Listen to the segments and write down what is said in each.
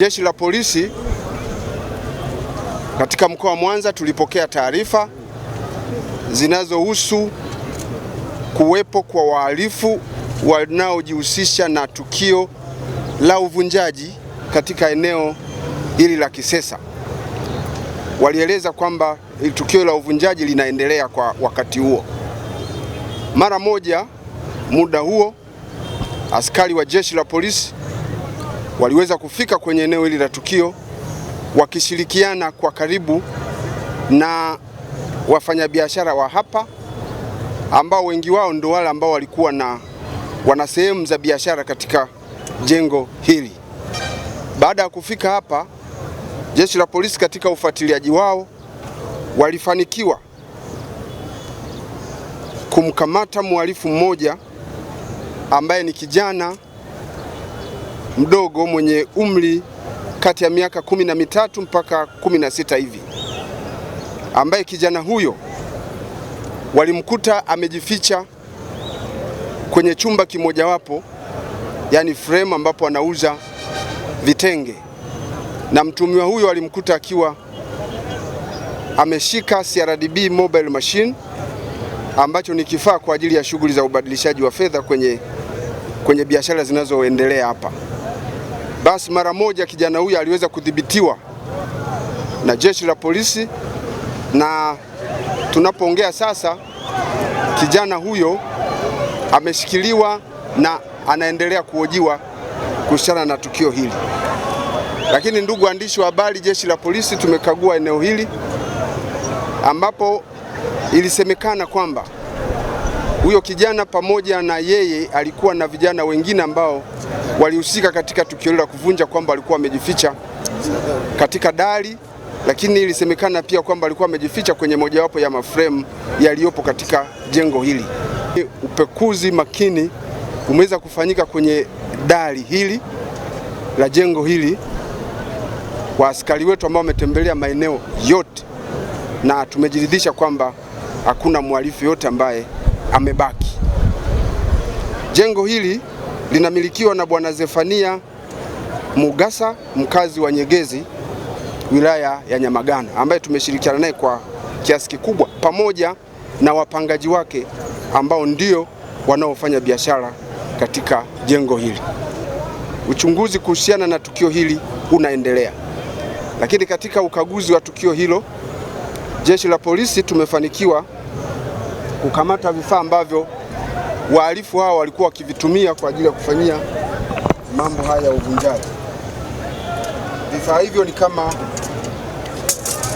Jeshi la polisi katika mkoa wa Mwanza tulipokea taarifa zinazohusu kuwepo kwa wahalifu wanaojihusisha na tukio la uvunjaji katika eneo hili la Kisesa. Walieleza kwamba tukio la uvunjaji linaendelea kwa wakati huo. Mara moja muda huo, askari wa jeshi la polisi waliweza kufika kwenye eneo hili la tukio wakishirikiana kwa karibu na wafanyabiashara wa hapa ambao wengi wao ndio wale ambao walikuwa na wana sehemu za biashara katika jengo hili. Baada ya kufika hapa, jeshi la polisi katika ufuatiliaji wao walifanikiwa kumkamata mhalifu mmoja ambaye ni kijana mdogo mwenye umri kati ya miaka kumi na mitatu mpaka kumi na sita hivi, ambaye kijana huyo walimkuta amejificha kwenye chumba kimojawapo, yani frame ambapo anauza vitenge, na mtumiwa huyo alimkuta akiwa ameshika CRDB mobile machine ambacho ni kifaa kwa ajili ya shughuli za ubadilishaji wa fedha kwenye, kwenye biashara zinazoendelea hapa basi mara moja kijana huyu aliweza kudhibitiwa na jeshi la polisi, na tunapoongea sasa, kijana huyo ameshikiliwa na anaendelea kuhojiwa kuhusiana na tukio hili. Lakini ndugu waandishi wa habari, jeshi la polisi tumekagua eneo hili ambapo ilisemekana kwamba huyo kijana pamoja na yeye alikuwa na vijana wengine ambao walihusika katika tukio la kuvunja, kwamba alikuwa amejificha katika dari, lakini ilisemekana pia kwamba alikuwa amejificha kwenye mojawapo ya mafremu yaliyopo katika jengo hili. Upekuzi makini umeweza kufanyika kwenye dari hili la jengo hili kwa askari wetu ambao wametembelea maeneo yote, na tumejiridhisha kwamba hakuna mhalifu yote ambaye amebaki. Jengo hili linamilikiwa na Bwana Zefania Mugasa, mkazi wa Nyegezi, wilaya ya Nyamagana, ambaye tumeshirikiana naye kwa kiasi kikubwa pamoja na wapangaji wake ambao ndio wanaofanya biashara katika jengo hili. Uchunguzi kuhusiana na tukio hili unaendelea, lakini katika ukaguzi wa tukio hilo, jeshi la polisi tumefanikiwa kukamata vifaa ambavyo wahalifu hao walikuwa wakivitumia kwa ajili ya kufanyia mambo haya ya uvunjaji. Vifaa hivyo ni kama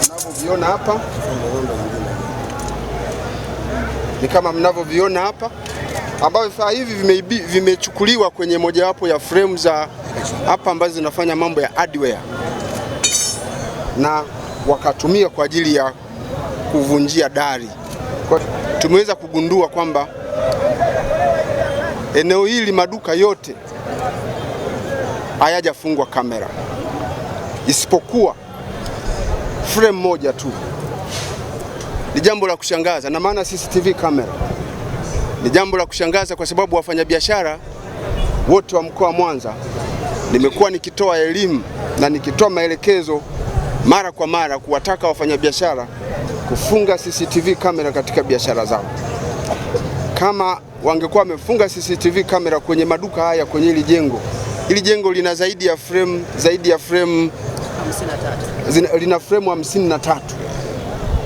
mnavyoviona hapa, ni kama mnavyoviona hapa, ambavyo vifaa hivi vimechukuliwa vime kwenye mojawapo ya frame za hapa ambazo zinafanya mambo ya hardware na wakatumia kwa ajili ya kuvunjia dari tumeweza kugundua kwamba eneo hili maduka yote hayajafungwa kamera isipokuwa frame moja tu. Ni jambo la kushangaza, na maana CCTV kamera ni jambo la kushangaza kwa sababu wafanyabiashara wote wa mkoa wa Mwanza nimekuwa nikitoa elimu na nikitoa maelekezo mara kwa mara kuwataka wafanyabiashara kufunga CCTV kamera katika biashara zao. Kama wangekuwa wamefunga CCTV kamera kwenye maduka haya, kwenye hili jengo, hili jengo lina zaidi ya frame, zaidi ya frame 53. Zina, lina frame tatu.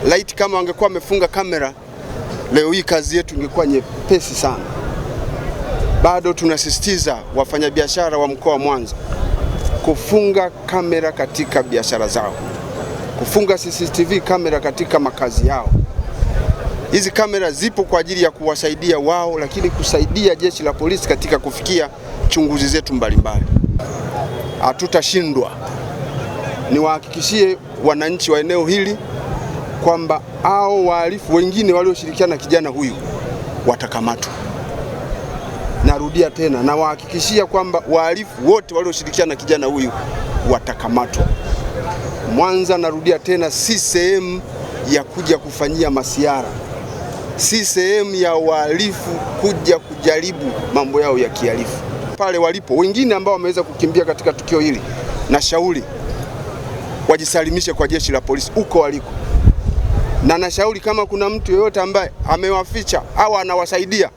Light kama wangekuwa wamefunga kamera leo hii kazi yetu ingekuwa nyepesi sana. Bado tunasisitiza wafanyabiashara wa mkoa wa Mwanza kufunga kamera katika biashara zao kufunga CCTV kamera katika makazi yao. Hizi kamera zipo kwa ajili ya kuwasaidia wao, lakini kusaidia jeshi la polisi katika kufikia chunguzi zetu mbalimbali. Hatutashindwa. Niwahakikishie wananchi wa eneo hili kwamba hao wahalifu wengine walioshirikiana na kijana huyu watakamatwa. Narudia tena, nawahakikishia kwamba wahalifu wote walioshirikiana na kijana huyu watakamatwa. Mwanza, narudia tena, si sehemu ya kuja kufanyia masiara, si sehemu ya wahalifu kuja kujaribu mambo yao ya kihalifu pale walipo. Wengine ambao wameweza kukimbia katika tukio hili, na shauri wajisalimishe kwa jeshi la polisi huko waliko, na nashauri kama kuna mtu yeyote ambaye amewaficha au anawasaidia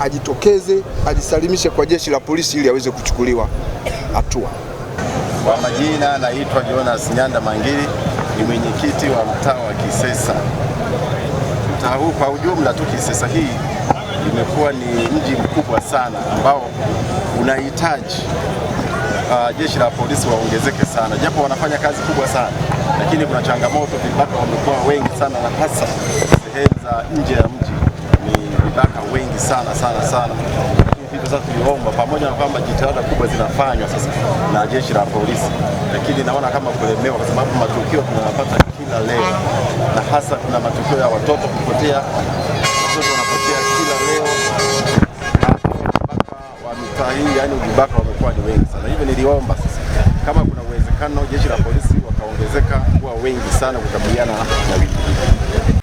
ajitokeze, ajisalimishe kwa jeshi la polisi ili aweze kuchukuliwa hatua. Kwa majina naitwa Jonas Nyanda Mangili, ni mwenyekiti wa mtaa wa Kisesa. Mtaa huu kwa ujumla tu, Kisesa hii imekuwa ni mji mkubwa sana ambao unahitaji Uh, jeshi la polisi waongezeke sana, japo wanafanya kazi kubwa sana lakini kuna changamoto. Vibaka wamekuwa wengi sana, na hasa sehemu za nje ya mji ni vibaka wengi sana sana sana. Hivyo sasa tuliomba, pamoja na kwamba jitihada kubwa zinafanywa sasa na jeshi la polisi, lakini naona kama kulemewa, kwa sababu matukio tunayapata kila leo, na hasa kuna matukio ya watoto kupotea, watoto wanapotea kila leo, wa mitaa hii, yani ujibaka wamekuwa ni wengi sana. Hivyo niliomba sasa kama kuna uwezekano jeshi la polisi wakaongezeka kuwa wengi sana kukabiliana na wimbi